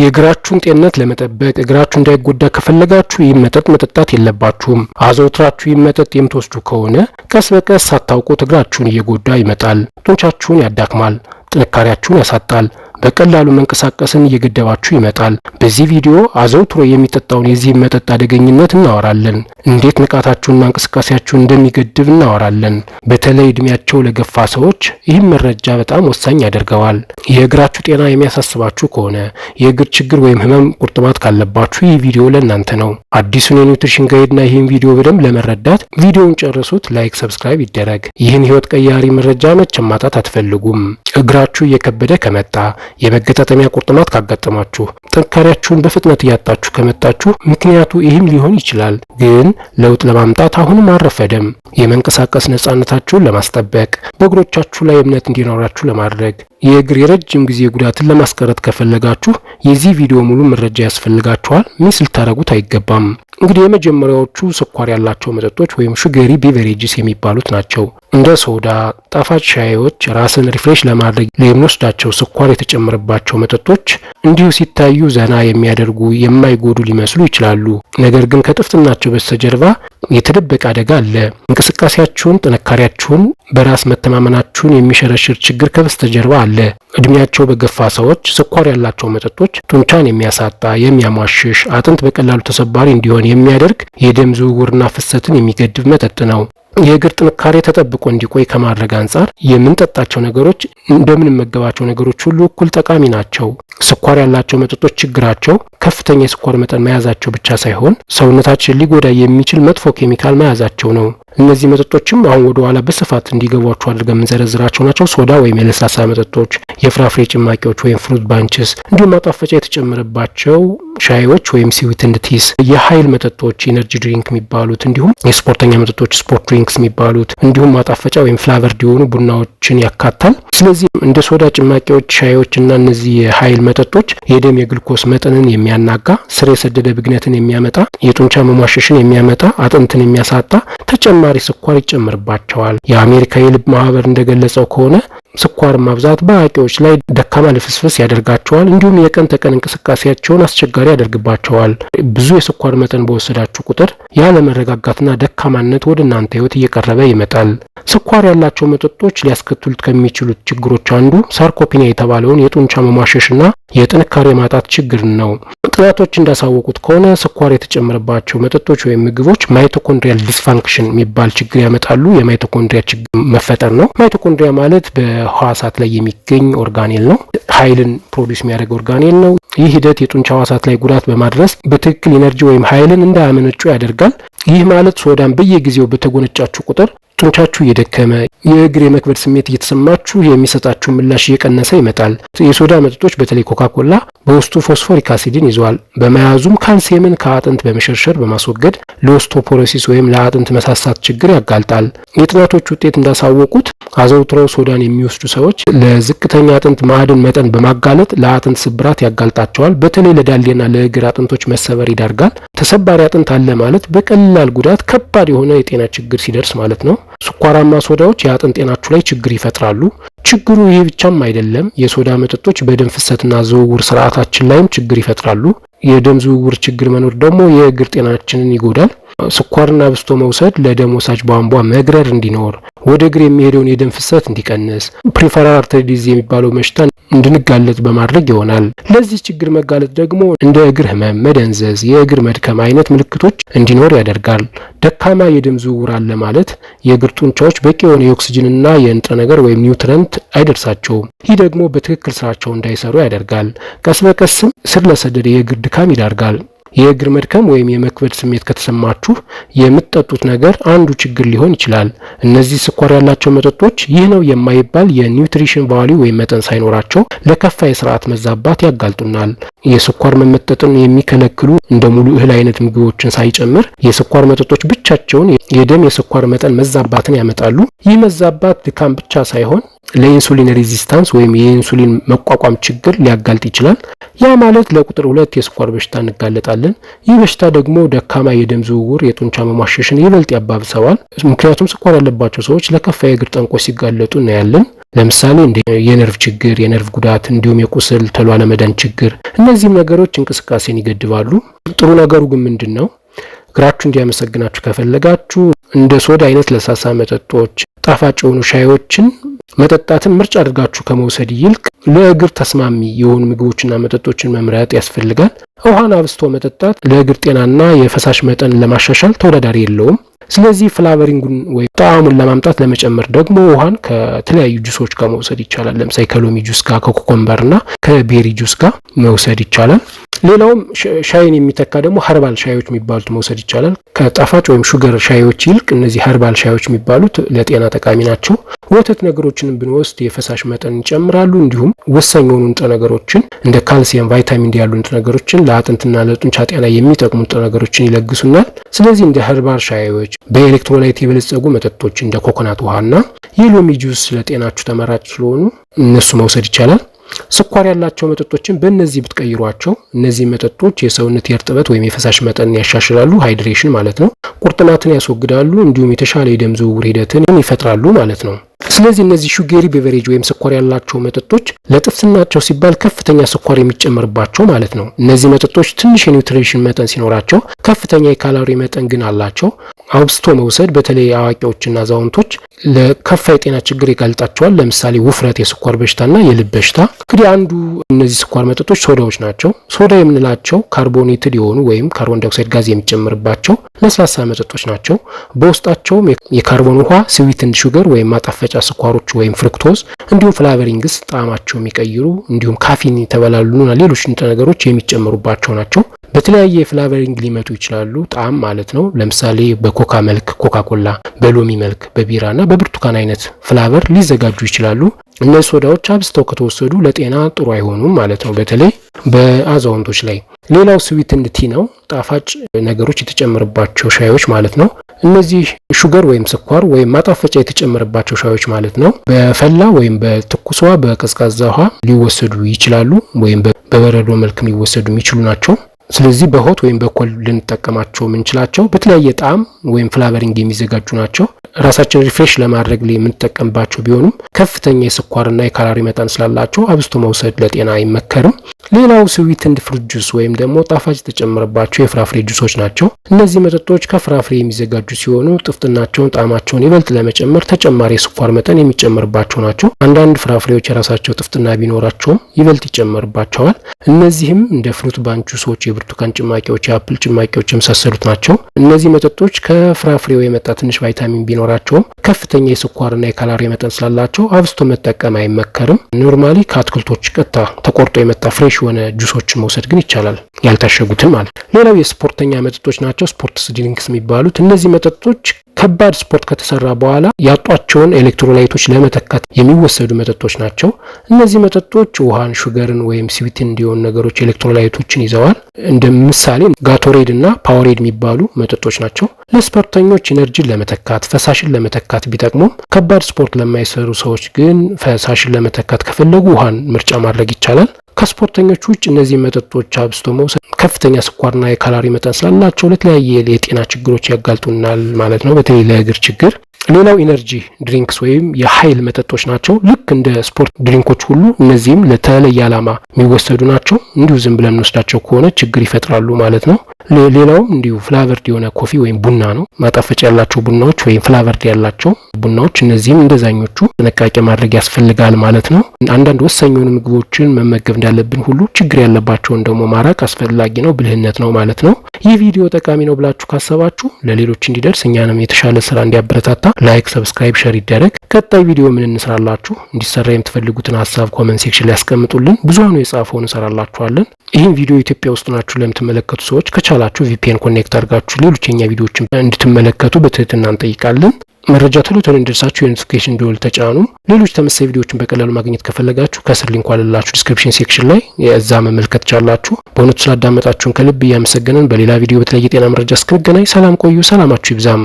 የእግራችሁን ጤንነት ለመጠበቅ እግራችሁ እንዳይጎዳ ከፈለጋችሁ ይህ መጠጥ መጠጣት የለባችሁም። አዘውትራችሁ ይህ መጠጥ የምትወስዱ ከሆነ ቀስ በቀስ ሳታውቁት እግራችሁን እየጎዳ ይመጣል። ጡንቻችሁን ያዳክማል፣ ጥንካሬያችሁን ያሳጣል። በቀላሉ መንቀሳቀስን እየገደባችሁ ይመጣል። በዚህ ቪዲዮ አዘውትሮ የሚጠጣውን የዚህ መጠጥ አደገኝነት እናወራለን። እንዴት ንቃታችሁና እንቅስቃሴያችሁ እንደሚገድብ እናወራለን። በተለይ እድሜያቸው ለገፋ ሰዎች ይህም መረጃ በጣም ወሳኝ ያደርገዋል። የእግራችሁ ጤና የሚያሳስባችሁ ከሆነ የእግር ችግር ወይም ህመም፣ ቁርጥማት ካለባችሁ ይህ ቪዲዮ ለእናንተ ነው። አዲሱን የኒውትሪሽን ጋይድና ይህን ቪዲዮ በደንብ ለመረዳት ቪዲዮውን ጨርሱት። ላይክ፣ ሰብስክራይብ ይደረግ። ይህን ህይወት ቀያሪ መረጃ መቼም ማጣት አትፈልጉም። እግራችሁ እየከበደ ከመጣ የመገጣጠሚያ ቁርጥማት ካጋጠማችሁ፣ ጥንካሬያችሁን በፍጥነት እያጣችሁ ከመጣችሁ ምክንያቱ ይህም ሊሆን ይችላል። ግን ለውጥ ለማምጣት አሁንም አረፈደም የመንቀሳቀስ ነጻነታችሁን ለማስጠበቅ፣ በእግሮቻችሁ ላይ እምነት እንዲኖራችሁ ለማድረግ የእግር የረጅም ጊዜ ጉዳትን ለማስቀረት ከፈለጋችሁ የዚህ ቪዲዮ ሙሉ መረጃ ያስፈልጋችኋል። ሚስ ልታረጉት አይገባም። እንግዲህ የመጀመሪያዎቹ ስኳር ያላቸው መጠጦች ወይም ሹገሪ ቢቨሬጅስ የሚባሉት ናቸው። እንደ ሶዳ፣ ጣፋጭ ሻዮች፣ ራስን ሪፍሬሽ ለማድረግ የምንወስዳቸው ስኳር የተጨመረባቸው መጠጦች እንዲሁ ሲታዩ ዘና የሚያደርጉ የማይጎዱ ሊመስሉ ይችላሉ። ነገር ግን ከጥፍጥናቸው በስተጀርባ የተደበቀ አደጋ አለ። እንቅስቃሴያችሁን፣ ጥንካሬያችሁን፣ በራስ መተማመናችሁን የሚሸረሽር ችግር ከበስተጀርባ አለ። አለ። እድሜያቸው በገፋ ሰዎች ስኳር ያላቸው መጠጦች ጡንቻን የሚያሳጣ፣ የሚያሟሽሽ፣ አጥንት በቀላሉ ተሰባሪ እንዲሆን የሚያደርግ የደም ዝውውርና ፍሰትን የሚገድብ መጠጥ ነው። የእግር ጥንካሬ ተጠብቆ እንዲቆይ ከማድረግ አንጻር የምንጠጣቸው ነገሮች እንደምንመገባቸው ነገሮች ሁሉ እኩል ጠቃሚ ናቸው። ስኳር ያላቸው መጠጦች ችግራቸው ከፍተኛ የስኳር መጠን መያዛቸው ብቻ ሳይሆን ሰውነታችን ሊጎዳ የሚችል መጥፎ ኬሚካል መያዛቸው ነው። እነዚህ መጠጦችም አሁን ወደ ኋላ በስፋት እንዲገቧቸው አድርገን የምንዘረዝራቸው ናቸው። ሶዳ ወይም የለስላሳ መጠጦች፣ የፍራፍሬ ጭማቂዎች ወይም ፍሩት ባንችስ፣ እንዲሁም ማጣፈጫ የተጨመረባቸው ሻይዎች ወይም ሲዊት ቲስ፣ የሀይል መጠጦች ኢነርጂ ድሪንክ የሚባሉት፣ እንዲሁም የስፖርተኛ መጠጦች ስፖርት ድሪንክስ የሚባሉት፣ እንዲሁም ማጣፈጫ ወይም ፍላቨር የሆኑ ቡናዎችን ያካታል። ስለዚህ እንደ ሶዳ ጭማቂዎች፣ ሻይዎች እና እነዚህ የሀይል መጠጦች የደም የግልኮስ መጠንን የሚ የሚያናጋ ስር የሰደደ ብግነትን የሚያመጣ የጡንቻ መሟሸሽን የሚያመጣ አጥንትን የሚያሳጣ ተጨማሪ ስኳር ይጨምርባቸዋል። የአሜሪካ የልብ ማህበር እንደገለጸው ከሆነ ስኳር ማብዛት በአዋቂዎች ላይ ደካማ ልፍስፍስ ያደርጋቸዋል። እንዲሁም የቀን ተቀን እንቅስቃሴያቸውን አስቸጋሪ ያደርግባቸዋል። ብዙ የስኳር መጠን በወሰዳችሁ ቁጥር ያለመረጋጋትና ደካማነት ወደ እናንተ ህይወት እየቀረበ ይመጣል። ስኳር ያላቸው መጠጦች ሊያስከትሉት ከሚችሉት ችግሮች አንዱ ሳርኮፒኒያ የተባለውን የጡንቻ መማሸሽና የጥንካሬ ማጣት ችግር ነው። ጥናቶች እንዳሳወቁት ከሆነ ስኳር የተጨመረባቸው መጠጦች ወይም ምግቦች ማይቶኮንድሪያል ዲስፋንክሽን የሚባል ችግር ያመጣሉ። የማይቶኮንድሪያ ችግር መፈጠር ነው። ማይቶኮንድሪያ ማለት በህዋሳት ላይ የሚገኝ ኦርጋኔል ነው። ኃይልን ፕሮዲስ የሚያደርግ ኦርጋኔል ነው። ይህ ሂደት የጡንቻ ህዋሳት ላይ ጉዳት በማድረስ በትክክል ኢነርጂ ወይም ኃይልን እንዳያመነጩ ያደርጋል። ይህ ማለት ሶዳን በየጊዜው በተጎነጫችሁ ቁጥር ጡንቻችሁ እየደከመ የእግር የመክበድ ስሜት እየተሰማችሁ የሚሰጣችሁ ምላሽ እየቀነሰ ይመጣል። የሶዳ መጠጦች በተለይ ኮካኮላ በውስጡ ፎስፎሪክ አሲድን ይዘዋል። በመያዙም ካልሲየምን ከአጥንት በመሸርሸር በማስወገድ ለኦስቶፖሮሲስ ወይም ለአጥንት መሳሳት ችግር ያጋልጣል። የጥናቶች ውጤት እንዳሳወቁት አዘውትረው ሶዳን የሚወስዱ ሰዎች ለዝቅተኛ አጥንት ማዕድን መጠን በማጋለጥ ለአጥንት ስብራት ያጋልጣቸዋል። በተለይ ለዳሌና ለእግር አጥንቶች መሰበር ይዳርጋል። ተሰባሪ አጥንት አለ ማለት በቀላል ጉዳት ከባድ የሆነ የጤና ችግር ሲደርስ ማለት ነው። ስኳራማ ሶዳዎች የአጥንት ጤናችሁ ላይ ችግር ይፈጥራሉ። ችግሩ ይህ ብቻም አይደለም። የሶዳ መጠጦች በደም ፍሰትና ዝውውር ስርዓታችን ላይም ችግር ይፈጥራሉ። የደም ዝውውር ችግር መኖር ደግሞ የእግር ጤናችንን ይጎዳል። ስኳርና ብስቶ መውሰድ ለደም ወሳጅ ቧንቧ መግረር እንዲኖር፣ ወደ እግር የሚሄደውን የደም ፍሰት እንዲቀንስ፣ ፕሪፈራር አርተሪ ዲዚዝ የሚባለው በሽታ እንድንጋለጥ በማድረግ ይሆናል። ለዚህ ችግር መጋለጥ ደግሞ እንደ እግር ህመም፣ መደንዘዝ፣ የእግር መድከም አይነት ምልክቶች እንዲኖር ያደርጋል። ደካማ የደም ዝውውር አለ ማለት የእግር ጡንቻዎች በቂ የሆነ የኦክስጅንና የንጥረ ነገር ወይም ኒውትረንት አይደርሳቸውም። ይህ ደግሞ በትክክል ስራቸው እንዳይሰሩ ያደርጋል። ቀስ በቀስም ስር ለሰደደ የእግር ድካም ይዳርጋል። የእግር መድከም ወይም የመክበድ ስሜት ከተሰማችሁ የምትጠጡት ነገር አንዱ ችግር ሊሆን ይችላል። እነዚህ ስኳር ያላቸው መጠጦች ይህ ነው የማይባል የኒውትሪሽን ቫሊ ወይም መጠን ሳይኖራቸው ለከፋ የስርዓት መዛባት ያጋልጡናል። የስኳር መመጠጥን የሚከለክሉ እንደ ሙሉ እህል አይነት ምግቦችን ሳይጨምር የስኳር መጠጦች ብቻቸውን የደም የስኳር መጠን መዛባትን ያመጣሉ። ይህ መዛባት ድካም ብቻ ሳይሆን ለኢንሱሊን ሬዚስታንስ ወይም የኢንሱሊን መቋቋም ችግር ሊያጋልጥ ይችላል። ያ ማለት ለቁጥር ሁለት የስኳር በሽታ እንጋለጣለን። ይህ በሽታ ደግሞ ደካማ የደም ዝውውር፣ የጡንቻ መሟሸሽን ይበልጥ ያባብሰዋል። ምክንያቱም ስኳር ያለባቸው ሰዎች ለከፋ የእግር ጠንቆ ሲጋለጡ እናያለን። ለምሳሌ እንደ የነርቭ ችግር፣ የነርቭ ጉዳት እንዲሁም የቁስል ተሎ አለመዳን ችግር፣ እነዚህም ነገሮች እንቅስቃሴን ይገድባሉ። ጥሩ ነገሩ ግን ምንድን ነው? እግራችሁ እንዲያመሰግናችሁ ከፈለጋችሁ እንደ ሶዳ አይነት ለሳሳ መጠጦች ጣፋጭ የሆኑ ሻዮችን መጠጣትን ምርጫ አድርጋችሁ ከመውሰድ ይልቅ ለእግር ተስማሚ የሆኑ ምግቦችና መጠጦችን መምረጥ ያስፈልጋል። ውሃን አብስቶ መጠጣት ለእግር ጤናና የፈሳሽ መጠን ለማሻሻል ተወዳዳሪ የለውም። ስለዚህ ፍላቨሪንጉን ወይም ጣዕሙን ለማምጣት ለመጨመር ደግሞ ውሃን ከተለያዩ ጁሶች ጋር መውሰድ ይቻላል። ለምሳሌ ከሎሚ ጁስ ጋር፣ ከኮኮምበርና ከቤሪ ጁስ ጋር መውሰድ ይቻላል። ሌላውም ሻይን የሚተካ ደግሞ ሀርባል ሻዮች የሚባሉት መውሰድ ይቻላል። ከጣፋጭ ወይም ሹገር ሻዮች ይልቅ እነዚህ ሀርባል ሻዮች የሚባሉት ለጤና ጠቃሚ ናቸው። ወተት ነገሮችንም ብንወስድ የፈሳሽ መጠን ይጨምራሉ። እንዲሁም ወሳኝ የሆኑ ንጥረ ነገሮችን እንደ ካልሲየም፣ ቫይታሚን ዲ ያሉ ንጥረ ነገሮችን ለአጥንትና ለጡንቻ ጤና የሚጠቅሙ ንጥረ ነገሮችን ይለግሱናል። ስለዚህ እንደ ሀርባል ሻዮች፣ በኤሌክትሮላይት የበለጸጉ መጠጦች እንደ ኮኮናት ውሃና የሎሚ ጁስ ለጤናችሁ ተመራጭ ስለሆኑ እነሱ መውሰድ ይቻላል። ስኳር ያላቸው መጠጦችን በእነዚህ ብትቀይሯቸው እነዚህ መጠጦች የሰውነት የእርጥበት ወይም የፈሳሽ መጠን ያሻሽላሉ፣ ሃይድሬሽን ማለት ነው። ቁርጥማትን ያስወግዳሉ፣ እንዲሁም የተሻለ የደም ዝውውር ሂደትን ይፈጥራሉ ማለት ነው። ስለዚህ እነዚህ ሹጌሪ ቤቨሬጅ ወይም ስኳር ያላቸው መጠጦች ለጥፍትናቸው ሲባል ከፍተኛ ስኳር የሚጨመርባቸው ማለት ነው። እነዚህ መጠጦች ትንሽ የኒውትሪሽን መጠን ሲኖራቸው፣ ከፍተኛ የካሎሪ መጠን ግን አላቸው። አብስቶ መውሰድ በተለይ አዋቂዎችና አዛውንቶች ለከፋ የጤና ችግር ይጋልጣቸዋል። ለምሳሌ ውፍረት፣ የስኳር በሽታና የልብ በሽታ። እንግዲህ አንዱ እነዚህ ስኳር መጠጦች ሶዳዎች ናቸው። ሶዳ የምንላቸው ካርቦኔትድ የሆኑ ወይም ካርቦን ዳይኦክሳይድ ጋዝ የሚጨምርባቸው ለስላሳ መጠጦች ናቸው። በውስጣቸውም የካርቦን ውሃ ስዊትንድ ሹገር ወይም ማጣፈ መፍጨጫ ስኳሮች ወይም ፍርክቶዝ እንዲሁም ፍላቨሪንግስ ጣዕማቸው የሚቀይሩ እንዲሁም ካፊን የተበላሉና ሌሎች ንጥረ ነገሮች የሚጨመሩባቸው ናቸው። በተለያየ ፍላቨሪንግ ሊመጡ ይችላሉ። ጣዕም ማለት ነው። ለምሳሌ በኮካ መልክ ኮካ ኮላ በሎሚ መልክ በቢራ እና በብርቱካን አይነት ፍላቨር ሊዘጋጁ ይችላሉ። እነዚህ ሶዳዎች አብዝተው ከተወሰዱ ለጤና ጥሩ አይሆኑም ማለት ነው፣ በተለይ በአዛውንቶች ላይ። ሌላው ስዊት ቲ ነው፣ ጣፋጭ ነገሮች የተጨመረባቸው ሻዮች ማለት ነው። እነዚህ ሹገር ወይም ስኳር ወይም ማጣፈጫ የተጨመረባቸው ሻዮች ማለት ነው። በፈላ ወይም በትኩስ ውሃ፣ በቀዝቃዛ ውሃ ሊወሰዱ ይችላሉ፣ ወይም በበረዶ መልክም ሊወሰዱ የሚችሉ ናቸው። ስለዚህ በሆት ወይም በኮል ልንጠቀማቸው የምንችላቸው በተለያየ ጣዕም ወይም ፍላቨሪንግ የሚዘጋጁ ናቸው። ራሳችን ሪፍሬሽ ለማድረግ ላይ የምንጠቀምባቸው ቢሆኑም ከፍተኛ የስኳርና የካላሪ መጠን ስላላቸው አብዝቶ መውሰድ ለጤና አይመከርም። ሌላው ስዊት ፍሩት ጁስ ወይም ደግሞ ጣፋጭ የተጨመረባቸው የፍራፍሬ ጁሶች ናቸው። እነዚህ መጠጦች ከፍራፍሬ የሚዘጋጁ ሲሆኑ ጥፍጥናቸውን፣ ጣዕማቸውን ይበልጥ ለመጨመር ተጨማሪ የስኳር መጠን የሚጨመርባቸው ናቸው። አንዳንድ ፍራፍሬዎች የራሳቸው ጥፍጥና ቢኖራቸውም ይበልጥ ይጨመርባቸዋል። እነዚህም እንደ ፍሩት ባንክ ጁሶች የብርቱካን ጭማቂዎች፣ የአፕል ጭማቂዎች የመሳሰሉት ናቸው። እነዚህ መጠጦች ከፍራፍሬው የመጣ ትንሽ ቫይታሚን ቢኖራቸውም ከፍተኛ የስኳርና የካላሪ መጠን ስላላቸው አብዝቶ መጠቀም አይመከርም። ኖርማሊ ከአትክልቶች ቀጥታ ተቆርጦ የመጣ ፍሬሽ የሆነ ጁሶችን መውሰድ ግን ይቻላል፣ ያልታሸጉትን ማለት። ሌላው የስፖርተኛ መጠጦች ናቸው፣ ስፖርትስ ድሪንክስ የሚባሉት። እነዚህ መጠጦች ከባድ ስፖርት ከተሰራ በኋላ ያጧቸውን ኤሌክትሮላይቶች ለመተካት የሚወሰዱ መጠጦች ናቸው። እነዚህ መጠጦች ውሃን፣ ሹገርን ወይም ስዊት እንዲሆን ነገሮች ኤሌክትሮላይቶችን ይዘዋል። እንደ ምሳሌ ጋቶሬድ እና ፓወሬድ የሚባሉ መጠጦች ናቸው። ለስፖርተኞች ኢነርጂን ለመተካት ፈሳሽን ለመተካት ቢጠቅሙም ከባድ ስፖርት ለማይሰሩ ሰዎች ግን ፈሳሽን ለመተካት ከፈለጉ ውሃን ምርጫ ማድረግ ይቻላል። ከስፖርተኞች ውጭ እነዚህ መጠጦች አብስቶ መውሰድ ከፍተኛ ስኳርና የካላሪ መጠን ስላላቸው ለተለያየ የጤና ችግሮች ያጋልጡናል ማለት ነው። በተለይ ለእግር ችግር ሌላው ኢነርጂ ድሪንክስ ወይም የሀይል መጠጦች ናቸው። ልክ እንደ ስፖርት ድሪንኮች ሁሉ እነዚህም ለተለየ ዓላማ የሚወሰዱ ናቸው። እንዲሁ ዝም ብለን እንወስዳቸው ከሆነ ችግር ይፈጥራሉ ማለት ነው። ሌላውም እንዲሁ ፍላቨርድ የሆነ ኮፊ ወይም ቡና ነው። ማጣፈጫ ያላቸው ቡናዎች ወይም ፍላቨርድ ያላቸው ቡናዎች፣ እነዚህም እንደዛኞቹ ጥንቃቄ ማድረግ ያስፈልጋል ማለት ነው። አንዳንድ ወሳኝ የሆኑ ምግቦችን መመገብ እንዳለብን ሁሉ ችግር ያለባቸውን ደግሞ ማራቅ አስፈላጊ ነው፣ ብልህነት ነው ማለት ነው። ይህ ቪዲዮ ጠቃሚ ነው ብላችሁ ካሰባችሁ ለሌሎች እንዲደርስ እኛንም የተሻለ ስራ እንዲያበረታታ ላይክ፣ ሰብስክራይብ፣ ሸር ይደረግ። ቀጣይ ቪዲዮ ምን እንሰራላችሁ እንዲሰራ የምትፈልጉትን ሀሳብ ኮመንት ሴክሽን ላይ ያስቀምጡልን። ብዙሀኑ የጻፈውን እንሰራላችኋለን። ይህን ቪዲዮ ኢትዮጵያ ውስጥ ናችሁ ለምትመለከቱ ሰዎች ከቻላችሁ ቪፒኤን ኮኔክት አድርጋችሁ ሌሎች የኛ ቪዲዮዎችን እንድትመለከቱ በትህትና እንጠይቃለን። መረጃ ቶሎ ቶሎ እንዲደርሳችሁ የኖቲፊኬሽን ደወል ተጫኑ። ሌሎች ተመሳሳይ ቪዲዮዎችን በቀላሉ ማግኘት ከፈለጋችሁ ከስር ሊንኩ አለላችሁ ዲስክሪፕሽን ሴክሽን ላይ የዛ መመልከት ቻላችሁ። በእውነቱ ስላዳመጣችሁን ከልብ እያመሰገንን በሌላ ቪዲዮ በተለየ ጤና መረጃ እስክንገናኝ ሰላም ቆዩ። ሰላማችሁ ይብዛም።